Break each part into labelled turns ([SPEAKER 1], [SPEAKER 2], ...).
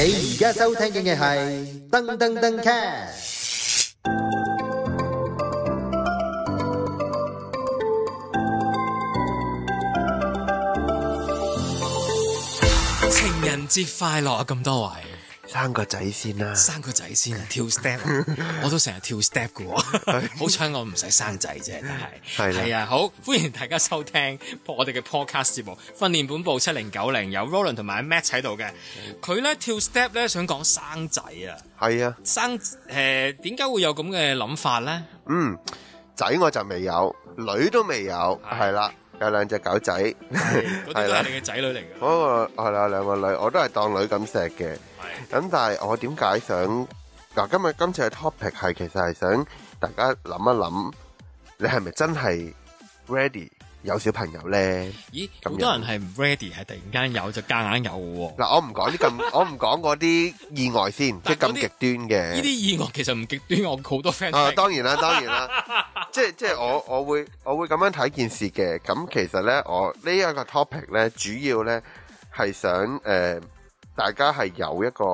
[SPEAKER 1] 你而家收聽嘅係噔噔噔 cast，
[SPEAKER 2] 情人節快樂啊！咁多位。生個仔先啦，生個仔先啊！跳 step，啊、 我都成日跳 step 嘅、啊， 好彩我唔使生仔啫，係係的啊！好，歡迎大家收聽我哋嘅 podcast 節目《訓練本部七零九零》的，有 Roland 同埋 Matt 喺度嘅，佢咧跳 step 咧想講生仔啊，
[SPEAKER 1] 係啊的，
[SPEAKER 2] 生誒，點、呃、解會有咁嘅諗法咧？嗯，
[SPEAKER 1] 仔我就未有，女都未有，係啦的。有兩隻狗仔，係啦係你嘅仔女嚟嘅。嗰個係啦，兩個女，我都係當女咁錫嘅。咁但係我點解想？嗱，今日今次嘅 topic 係其實係想大家諗一諗，你係咪真係 ready？有小朋友咧，咦？咁多人係唔 ready，係突然間有就夾硬有喎。嗱，我唔講啲咁，我唔講嗰啲意外先，即係咁極端嘅。呢啲意外其實唔極端，我好多 friend。啊，當然啦，當然啦，即係即係我我會我會咁樣睇件事嘅。咁其實咧，我呢一個 topic 咧，主要咧係想誒大家係有一個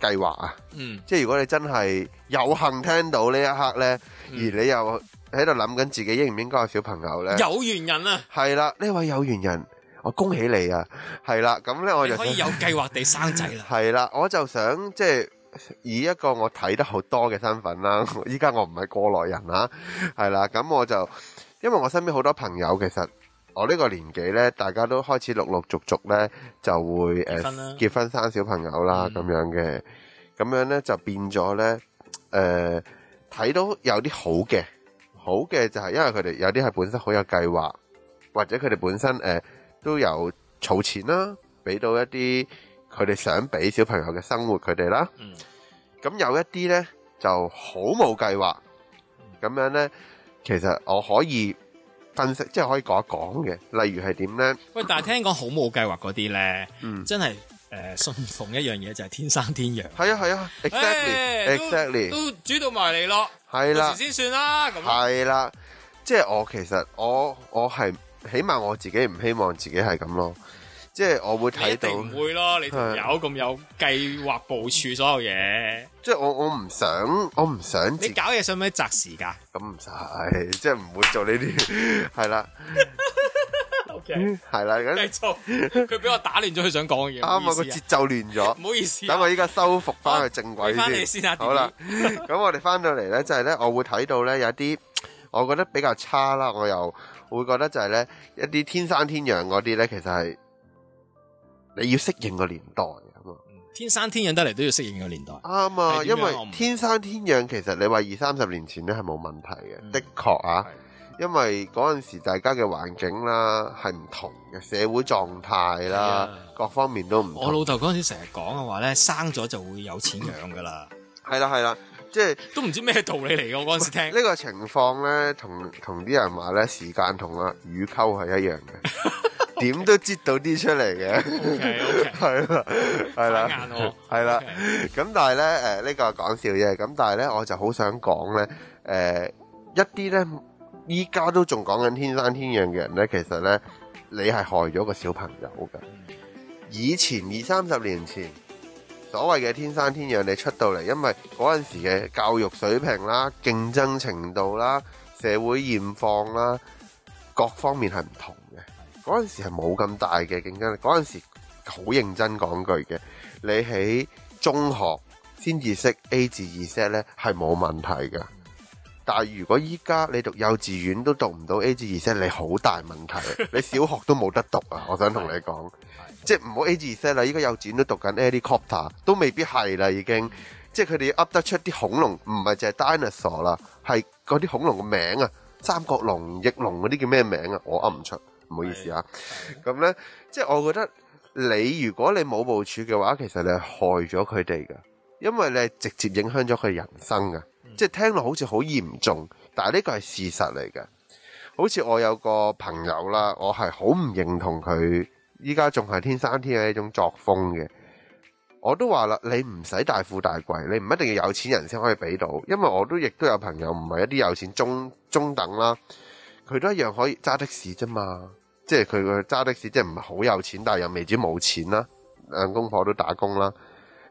[SPEAKER 1] 計劃啊。嗯。即係如果你真係有幸聽到呢一刻咧，而你又～喺度諗緊自己應唔應該有小朋友呢？有緣人啊，係啦，呢位有緣人，我恭喜你啊，係啦。咁呢，我就可以有計劃地生仔啦。係啦，我就想即係以一個我睇得好多嘅身份啦。依家我唔係過來人啊，係啦。咁我就因為我身邊好多朋友，其實我呢個年紀呢，大家都開始陸陸續續呢就會誒結婚啦，結婚生小朋友啦，咁樣嘅咁、嗯、樣呢就變咗呢，誒、呃、睇到有啲好嘅。好嘅就係因為佢哋有啲係本身好有計劃，或者佢哋本身誒、呃、都有儲錢啦，俾到一啲佢哋想俾小朋友嘅生活佢哋啦。嗯，咁有一啲咧就好冇計劃，咁、嗯、樣咧其實我可以分析，即係可以講一講嘅。例如係點咧？
[SPEAKER 2] 喂，但係聽講好冇計劃嗰啲咧，嗯，真係誒信奉一樣嘢就係，是，天生天養。係啊係啊，啊，exactly、欸、都 exactly 都主導埋你咯。
[SPEAKER 1] 係啦，先算
[SPEAKER 2] 啦。係
[SPEAKER 1] 啦，即係我其實我我係，起碼我自己唔希望自己係咁咯。即係我會睇到，唔
[SPEAKER 2] 會咯。是你有咁有計劃部署所有嘢，即係我我唔
[SPEAKER 1] 想，我唔想。你搞嘢使唔使擇時㗎？咁唔使，即係唔會做呢啲。係 啦。 係啦，佢俾我打亂咗佢想講嘅嘢。啱啊，個節奏亂咗，唔好意思。等我依家修復翻佢正軌先。好啦，咁我哋翻到嚟呢，就係呢。我會睇到呢，有啲，我覺得比較差啦。我又會覺得就係呢，一啲天生天養嗰啲呢，其實係你要適應個年代啊。
[SPEAKER 2] 天生天養得嚟都要適應個年代。啱啊，因為
[SPEAKER 1] 天生天養，其實你話二三十年前呢係冇問題嘅，的確啊。因為嗰陣時大家嘅環境啦，係唔同嘅社會狀態啦，各方面都唔同，啊。我老豆
[SPEAKER 2] 嗰陣時成日講嘅話咧，生咗就會有錢養噶啦。
[SPEAKER 1] 係啦係啦，即 係樂、啊啊就是、都唔知咩道，道理嚟嘅。我嗰陣時聽呢個情況咧，同同啲人話咧，時間同啊乳溝係一樣嘅，點 都擠到啲出嚟嘅 Okay, okay, 啊。係啦係啦，係啦咁，但係咧誒呢、這個係講笑啫。咁但係咧，我就好想講咧誒一啲咧。依家都仲講緊天生天養嘅人呢，其實呢，你係害咗個小朋友㗎。以前二三十年前所謂嘅天生天養，你出到嚟，因為嗰陣時嘅教育水平啦、競爭程度啦、社會現況啦，各方面係唔同嘅。嗰陣時係冇咁大嘅競爭力，嗰陣時好認真講句嘅，你喺中學先至識 A 至 Z 呢，係冇問題嘅。但係如果依家你讀幼稚園都讀唔到 A to Z，你好大問題。 你小學都冇得讀啊！我想同你講， 即係唔好 A to Z 啦。依家幼稚園都讀緊 Helicopter，都未必係啦。已經即係佢哋噏得出啲恐龍，唔係淨係 dinosaur 啦，係嗰啲恐龍嘅名啊，三角龍、翼龍嗰啲叫咩名啊？我噏唔出，唔好意思啊。咁咧，即係我覺得你如果你冇部署嘅話，其實你係害咗佢哋噶，因為你係直接影響咗佢人生噶。即係聽落好似好嚴重，但係呢個係事實嚟嘅。好似我有個朋友啦，我係好唔認同佢依家仲係天生天嘅呢種作風嘅。我都話啦，你唔使大富大貴，你唔一定要有錢人先可以俾到。因為我都亦都有朋友唔係一啲有錢中中等啦，佢都一樣可以揸的士啫嘛。即係佢個揸的士即係唔係好有錢，但係又未至於冇錢啦。兩公婆都打工啦，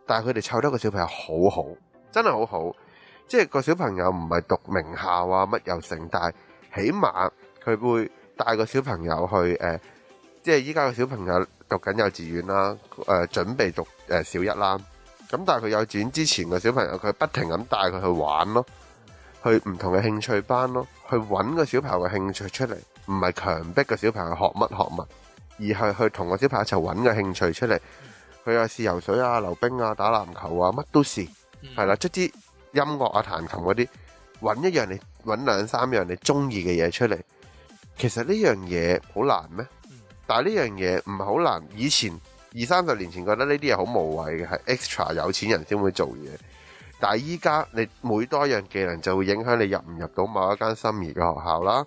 [SPEAKER 1] 但係佢哋湊得個小朋友好好，真係好好。即係個小朋友唔係讀名校啊，乜又成，但係起碼佢會帶個小朋友去誒，即係依家個小朋友讀緊幼稚園啦，誒準備讀誒小一啦。咁但係佢幼稚園之前個小朋友，佢不停咁帶佢去玩咯，去唔同嘅興趣班咯，去揾個小朋友嘅興趣出嚟，唔係強迫個小朋友學乜學乜，而係去同個小朋友一齊揾個興趣出嚟。佢又試游水啊、溜冰啊、打籃球啊，乜都試係啦，出啲。音樂啊，彈琴嗰啲，揾一樣你，揾兩三樣你中意嘅嘢出嚟。其實呢樣嘢好難咩？但係呢樣嘢唔係好難。以前二三十年前覺得呢啲嘢好無謂嘅，係 extra 有錢人先會做嘢。但係依家你每多一樣技能，就會影響你入唔入到某一間心儀嘅學校啦，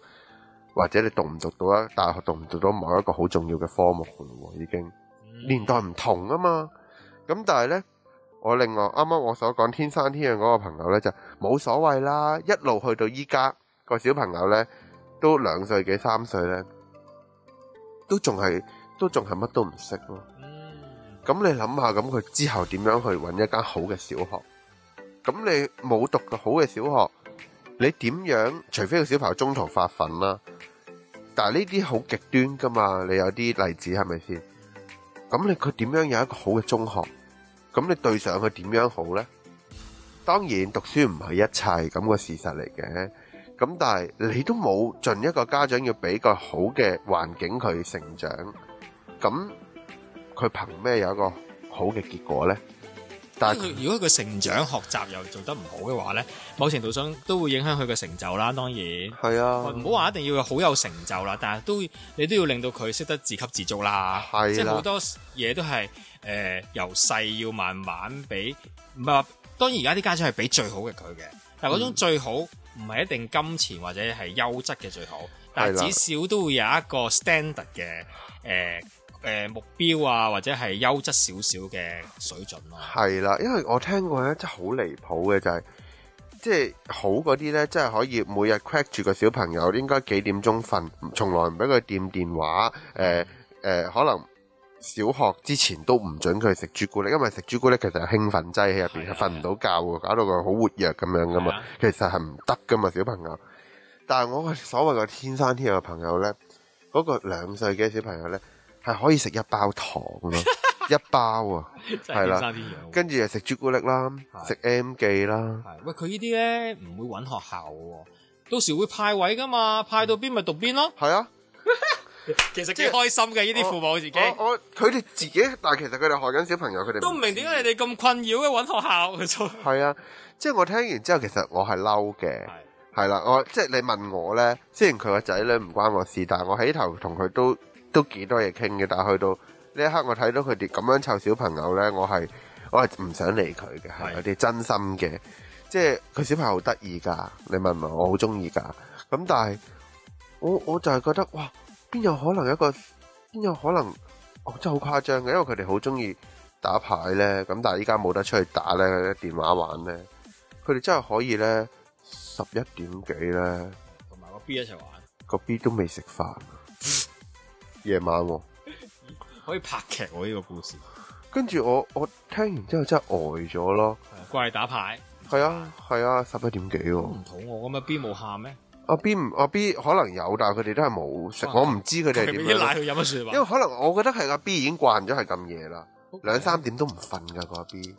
[SPEAKER 1] 或者你讀唔讀到啊大學，讀唔讀到某一個好重要嘅科目嘅，已經年代唔同啊嘛。咁但係呢。我另外啱啱我所講天生天養嗰個朋友呢，就冇所謂啦，一路去到依家，個小朋友呢，都兩歲幾三歲呢，都仲係都仲係乜都唔識咯。咁，嗯嗯，你諗下，咁佢之後點樣去揾一間好嘅小學？咁你冇讀到好嘅小學，你點樣？除非個小朋友中途發奮啦，啊，但係呢啲好極端噶嘛？你有啲例子係咪先？咁你佢點樣有一個好嘅中學？咁你對上佢點樣好呢？當然讀書唔係一切咁個事實嚟嘅，咁但係你都冇盡一個家長要俾個好嘅環境佢成長，咁佢憑咩有一個好嘅結果呢？但係佢
[SPEAKER 2] 如果佢成長學習又做得唔好嘅話呢，某程度上都會影響佢嘅成就啦。當然係是啊，唔好話一定要好有成就啦，但係都你都要令到佢識得自給自足啦。是啊、即係好多嘢都係誒、呃、由細要慢慢俾。唔係當然而家啲家長係俾最好嘅佢嘅，但係嗰種最好唔係一定金錢或者係優質嘅最好，但係至少都會有一個 standard 嘅誒。呃誒，目標啊，或者係優質少少嘅水準啦、
[SPEAKER 1] 啊，係啦，因為我聽過咧，真係、就是就是、好離譜嘅就係，即係好嗰啲呢，即係可以每日 check 住個小朋友應該幾點鐘瞓，從來唔俾佢掂電話。誒誒、嗯呃，可能小學之前都唔准佢食朱古力，因為食朱古力其實有興奮劑喺入邊，係瞓唔到覺嘅，搞到佢好活躍咁樣噶嘛，的其實係唔得噶嘛，小朋友。但係我所謂個天生天有嘅朋友呢，嗰、那個兩歲嘅小朋友呢。那個係可以食一包糖咯，一包啊，係啦，跟住又食朱古力啦，食 M 記啦。
[SPEAKER 2] 喂，佢呢啲咧唔會揾學校，到時會派位噶嘛，派到邊咪讀邊咯。
[SPEAKER 1] 係啊，其實幾開心嘅呢啲父母自己。我佢哋自己，但係其實佢哋害緊小朋友，佢哋都唔明點解你哋
[SPEAKER 2] 咁困擾嘅揾學校
[SPEAKER 1] 嘅。係啊，即係我聽完之後，其實我係嬲嘅，係啦，我即係你問我咧，雖然佢個仔咧唔關我事，但係我起頭同佢都。都幾多嘢傾嘅，但係去到呢一刻，我睇到佢哋咁樣湊小朋友咧，我係我係唔想理佢嘅，係有啲真心嘅。即係佢小朋友好得意㗎，你問問我，我好中意㗎。咁但係我我就係覺得，哇！邊有可能一個邊有可能？哦，真係好誇張嘅，因為佢哋好中意打牌咧。咁但係依家冇得出去打咧，電話玩咧。佢哋真係可以咧，十一點幾咧，同埋個 B 一齊玩。個 B 都未食飯。夜晚
[SPEAKER 2] 可以拍劇喎呢個故事，
[SPEAKER 1] 跟住我我聽完之後真係呆咗咯。
[SPEAKER 2] 怪打牌
[SPEAKER 1] 係啊係啊，十一點幾唔肚餓咁啊？B 冇喊咩？阿 B 唔啊 B 可能有，但係佢哋都係冇食。我唔知佢哋點樣因為可能我覺得係阿 B 已經慣咗係咁夜啦，兩三點都唔瞓噶個阿 B。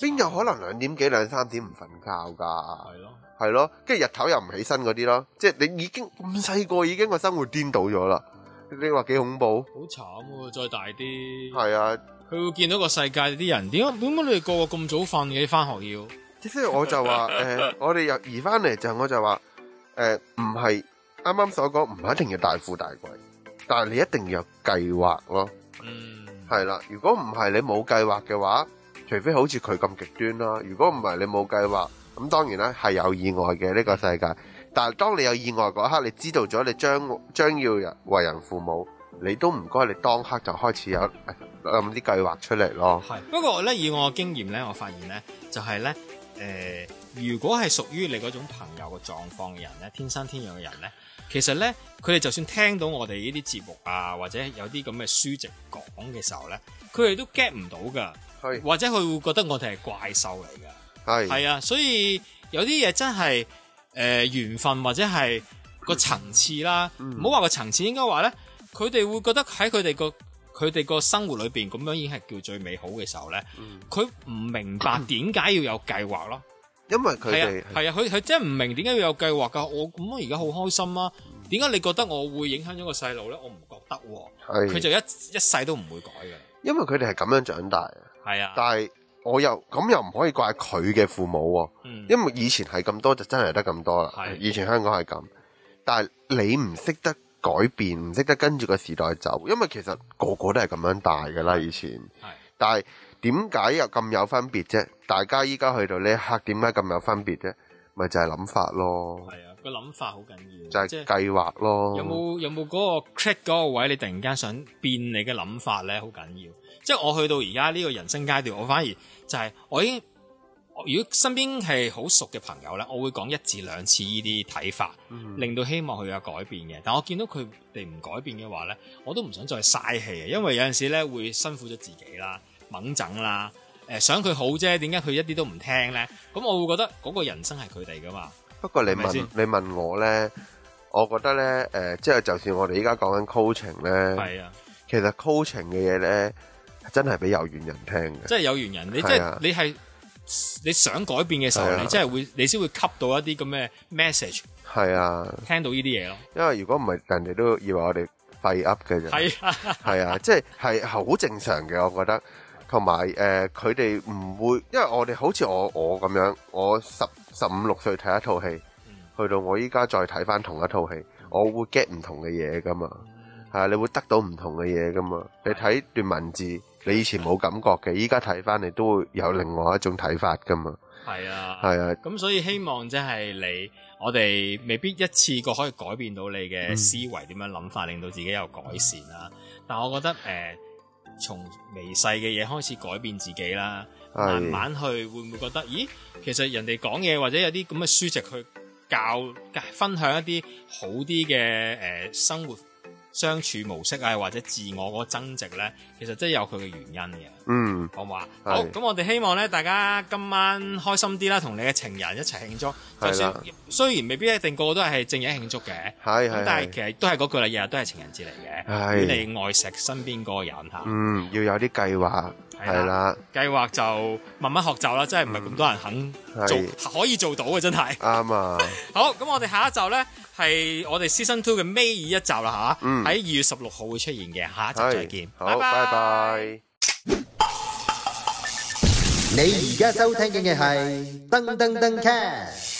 [SPEAKER 1] 邊有可能兩點幾兩三點唔瞓覺噶？係咯係咯，跟住日頭又唔起身嗰啲咯，即係你已經咁細個已經個生活顛倒咗啦。你話幾恐怖，好慘喎！再大啲，係啊，
[SPEAKER 2] 佢會見到個世界啲人點解？點解你哋個個咁早瞓嘅、啊？翻學要，即係我就話
[SPEAKER 1] 誒、 呃，我哋入移翻嚟就我就話誒，唔係啱啱所講，唔係一定要大富大貴，但係你一定要有計劃咯。嗯，係啦、啊，如果唔係你冇計劃嘅話，除非好似佢咁極端啦、啊。如果唔係你冇計劃，咁當然咧係有意外嘅呢、這個世界。但係當你有意外嗰一刻，你知道咗你將將要為人父母，你都唔該你當刻就開始有諗啲計劃出嚟咯。係，
[SPEAKER 2] 不過咧以我嘅經驗咧，我發現咧就係、是、咧，誒、呃、如果係屬於你嗰種朋友嘅狀況嘅人咧，天生天養嘅人咧，
[SPEAKER 1] 其實咧佢
[SPEAKER 2] 哋就算聽到我哋呢啲節目啊，或者有啲咁嘅書籍講嘅時候咧，佢哋都 get 唔到噶，是或者佢會覺得我哋係怪獸嚟噶，係係是啊，所以有啲嘢真係。誒，緣、呃、分或者係個層次啦，唔好話個層次，應該話咧，佢哋會覺得喺佢哋個佢哋個生活裏邊咁樣已經係叫最美好嘅時候咧。佢唔、嗯、明白點解要有計劃咯，因為佢哋係啊，佢佢真係唔明點解要有計劃噶。我咁我而家好開心啊，點解、嗯、你覺得我會影響咗個細路咧？我唔覺得、啊，係佢、啊、就一一世都唔會改嘅，
[SPEAKER 1] 因為佢哋係咁樣長大嘅，係啊，啊但係。我又咁又唔可以怪佢嘅父母喎、哦，嗯、因為以前係咁多就真係得咁多啦。是以前香港係咁，但係你唔識得改變，唔識得跟住個時代走，因為其實個個都係咁樣大㗎啦。以前，但係點解又咁有分別啫？大家依家去到呢一刻，點解咁有分別啫？咪就係、是、諗法咯。
[SPEAKER 2] 個諗法好緊要，就係計
[SPEAKER 1] 劃咯。有冇
[SPEAKER 2] 有冇嗰個 click 嗰個位？你突然間想變你嘅諗法呢？好緊要。即係我去到而家呢個人生階段，我反而就係我已經，如果身邊係好熟嘅朋友呢，我會講一至兩次呢啲睇法，嗯、哼令到希望佢有改變嘅。但我見到佢哋唔改變嘅話呢，我都唔想再嘥氣，因為有陣時呢會辛苦咗自己啦、猛整啦。誒、呃，想佢好啫，點解佢一啲都唔聽呢？咁我會覺得嗰個人生係佢哋㗎嘛。
[SPEAKER 1] 不過你問是是你問我咧，我覺得咧，誒、呃，即係就算我哋依家講緊 coaching 咧，係啊，其實 coaching 嘅嘢咧，真係俾有緣人聽嘅，即係有
[SPEAKER 2] 緣人，你即係你係、啊、你想改變嘅時候，啊、你真係會，你先會吸到一啲咁嘅 message，
[SPEAKER 1] 係啊，
[SPEAKER 2] 聽到呢啲嘢咯，
[SPEAKER 1] 因為如果唔係，人哋都以為我哋廢噏嘅，就係啊，係啊，即係係好正常嘅，我覺得，同埋誒，佢哋唔會，因為我哋好似我我咁樣，我十。我十五六歲睇一套戲，去、嗯、到我依家再睇翻同一套戲，嗯、我會 get 唔同嘅嘢噶嘛，係、嗯、你會得到唔同嘅嘢噶嘛。嗯、你睇段文字，的你以前冇感覺嘅，依家睇翻你都會有另外一種睇法噶嘛。係啊，係啊，
[SPEAKER 2] 咁所以希望即係你，我哋未必一次過可以改變到你嘅思維點、嗯、樣諗法，令到自己有改善啦。但我覺得誒。呃從微細嘅嘢開始改變自己啦，
[SPEAKER 1] 的慢慢
[SPEAKER 2] 去會唔會覺得？咦，其實人哋講嘢或者有啲咁嘅書籍去教，教分享一啲好啲嘅誒生活。相處模式啊，或者自我嗰增值呢，其實真係有佢嘅原因嘅。嗯，好唔好啊？是好，咁我哋希望呢，大家今晚開心啲啦，同你嘅情人一齊慶祝。就算的雖然未必一定個個都係正日慶祝嘅，係的但係其實都係嗰句啦，日日的都係情人節嚟嘅。
[SPEAKER 1] 的你要嚟
[SPEAKER 2] 愛錫身邊嗰個人嚇。
[SPEAKER 1] 的嗯，要有啲計劃。係啦，
[SPEAKER 2] 計劃的就慢慢學習啦，真係唔係咁多人肯的做，可以做到嘅
[SPEAKER 1] 真係啱啊！嘛
[SPEAKER 2] 好，咁我哋下一集咧係我哋 Season Two 嘅最尾一集啦吓，喺二、嗯、月十六號會出現嘅，下一集再見，拜
[SPEAKER 1] 拜。你而家收聽緊嘅係噔噔噔 Cast。登登登